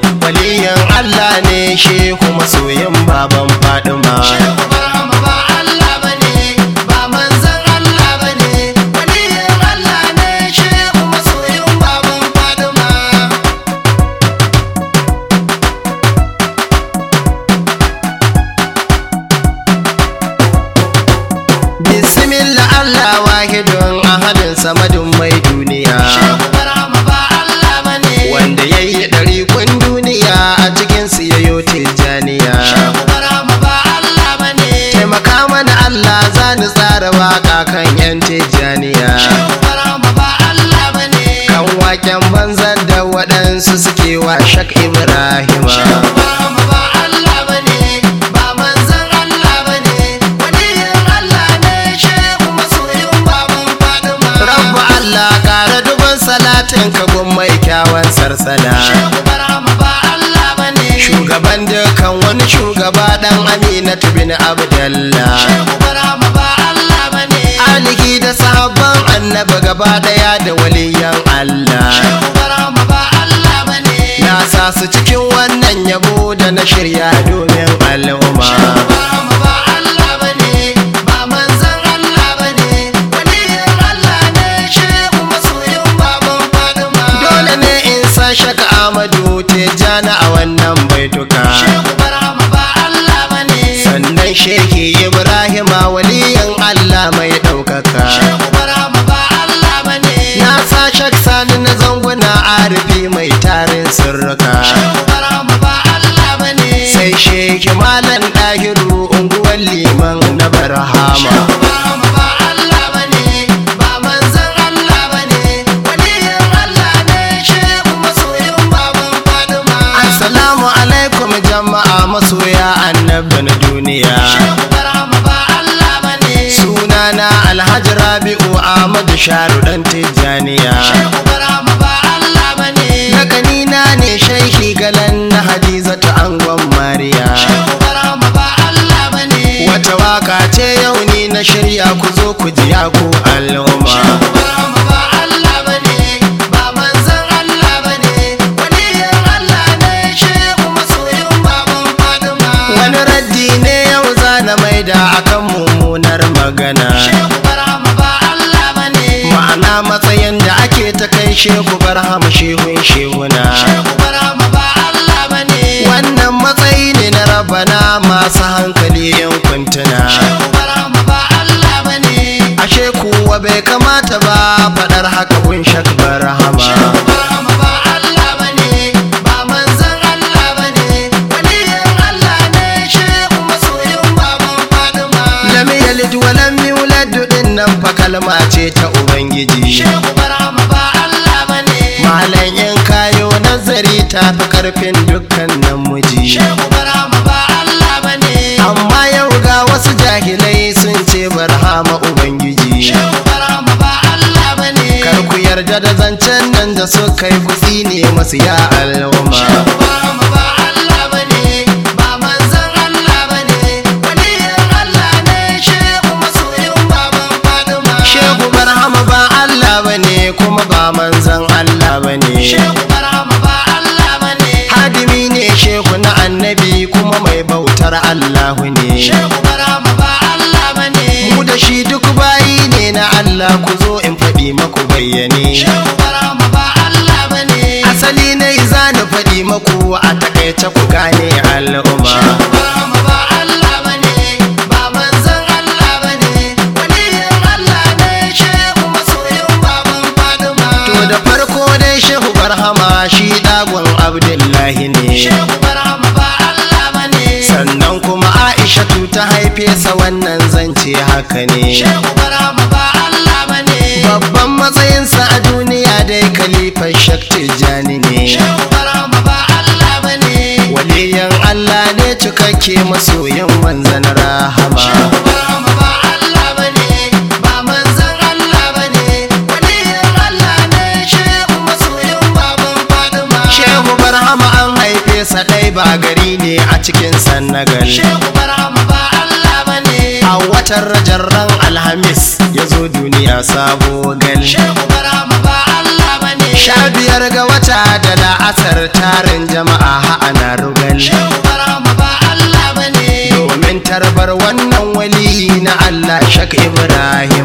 ne waliyan Allah ne shehu masoyin baban Fadima shehu barhama ba Allah bane ba manzan Allah bane waliyan Allah ne shehu masoyin baban Fadima bismillah Allah wahidun ahadin samadu bacin kagun mai kyawan sarsana shugaban dukan wani shugaba dan aminatu bin abdallah aliki da sabon annabi gaba daya da waliyi sarki Ibrahima waliyan Allah mai ɗaukaka. Shehu Barama ba Allah ba Na sa na zanguna arfi mai tarin sirrika. Shehu Barama ba Allah ba ne. Sai malam ɗahiru unguwar liman na barahama. alaikum jama'a masoya na duniya. sunana alhaji rabi'u ahmadu sharu dan tijjaniya shehu ba allah bane na kanina ne shaihi galan na hadiza ta angon mariya shehu barama ba allah bane wata waka ce yau ni na shirya ku zo ku jiya ku al'umma wani raddi ne yau zana maida akan magana shehu barham ba Allah bane ma'ana matsayin da ake ta kai shehu barhama shehun shehuna shehu barham ba Allah ne. wannan matsayi ne na rabana masu hankali yan kwantuna shehu barham ba Allah bane ashe kuwa bai kamata ba faɗar haka kun shaka miji shehu barama ba Allah bane malan yan kayo nazari ta fi karfin dukkan namiji shehu barama ba Allah bane amma yau ga wasu jahilai sun ce barhama ubangiji shehu barama ba Allah bane kar ku yarda da zancen nan da suka yi kutsi ne masu ya Allah ta ku gane To da farko dai shehu barhama shi dagon abdullahi ne shehu barhama ba Allah bane sannan kuma aisha ta haife sa wannan zance haka ne shehu barhama ba Allah bane babban matsayinsa a duniya dai kalifar shak tijjani ne ke masoyin manzan rahama sa ɗai ba gari ne a cikin sannagal shehu barhama ba Allah ba ne a watan rajarren alhamis ya zo duniya sabo gal shehu barhama ba Allah ba ne sha biyar ga wata da la'asar tarin jama'a ha'ana rugal shehu barhama ba tarbar wannan wali na Allah shak Ibrahim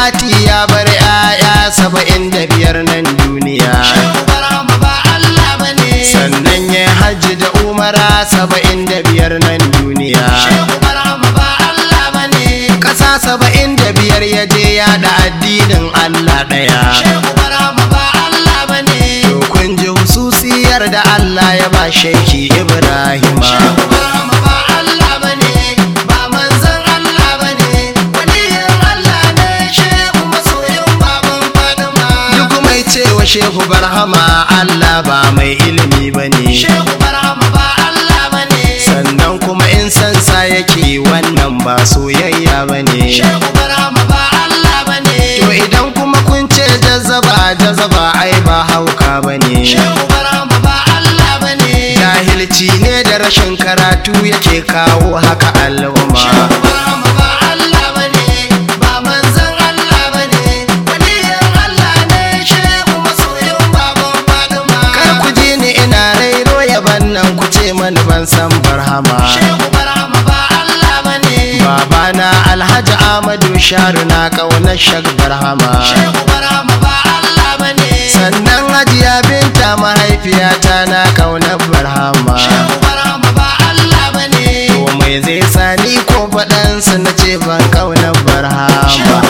fati ya bar 'ya'ya saba'in da biyar nan duniya sannan ya hajji da umara saba'in da biyar nan duniya ƙasa saba'in da biyar ya je ya da addinin allah ɗaya dokun ji hususiyar da allah ya ba sheki ibrahima barhama Allah ba mai ilimi bane shehu barhama ba Allah bane sannan kuma in san sa yake wannan ba soyayya bane shehu barhama ba Allah bane to idan kuma kun ce jazzaba jazaba ai ba hauka bane shehu barhama ba Allah bane jahilci ne da rashin karatu yake kawo haka al'umma shehu san barhama shehu barhama ba Allah babana alhaji amadu sharu na ƙaunar shek barhama shehu barhama ba Allah bane sannan hajiya binta mahaifiyata na ƙaunar barhama shehu barhama ba Allah bane to mai zai sani ko baɗansa na ce ban ƙaunar barhama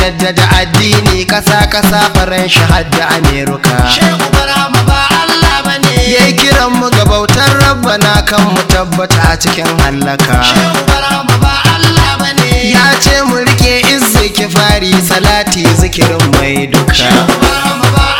jaddada addini kasa kasa faran hadda amerika shehu barama ba allah bane yayi kiran mu ga bautar rabbana kan mu tabbata a cikin hallaka shehu barama ba allah bane ya ce mu rike izzi kifari salati zikirin mai duka shehu barama ba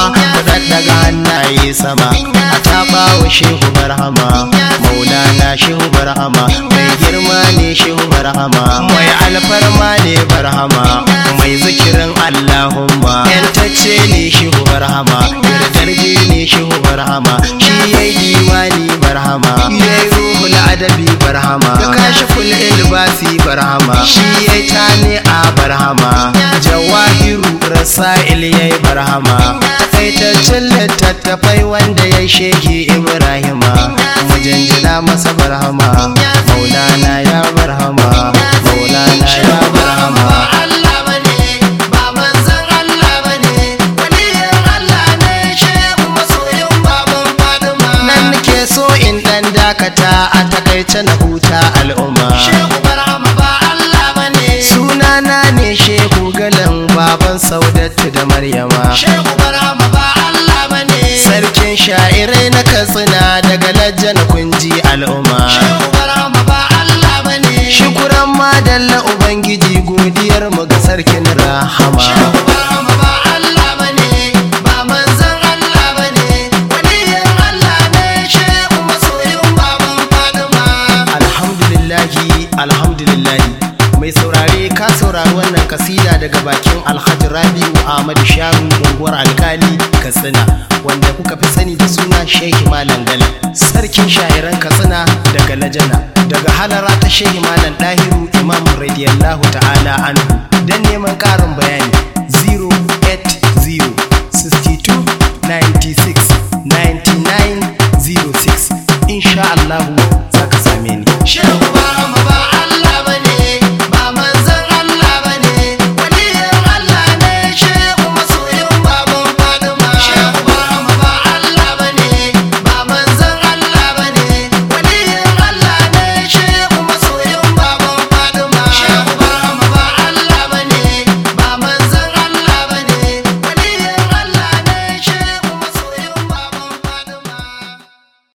yi sama a taɓa wa shehu barhama maulana shehu barhama mai girma ne shehu barhama mai alfarma ne barhama mai zikirin allahumma yantacce ne shehu barhama yardar ne shehu barhama shi yayi diwani barhama yayi kula adabi barhama ka shi kula ilbasi barhama shi ya tani a barhama jawahiru rasa'il yayi barhama taitaccen littattafai wanda ya shege ibrahima mu jinjina masa barhama maulana ya barhama maulana ya barhama ta na huta al'umma shehu barhama ba Allah bane sunana ne shehu galan baban saudatu da maryama shehu barhama ba Allah bane sarkin sha'irai na katsina daga lajjan kunji al'umma shehu barhama ba Allah bane shukuran madalla kuka fi sani da suna shehi malam gala sarkin shayaran katsina daga lajana daga halara ta shehi malam dahiru imam radiyallahu ta'ala anhu dan neman karin bayani 080 62 96 99 06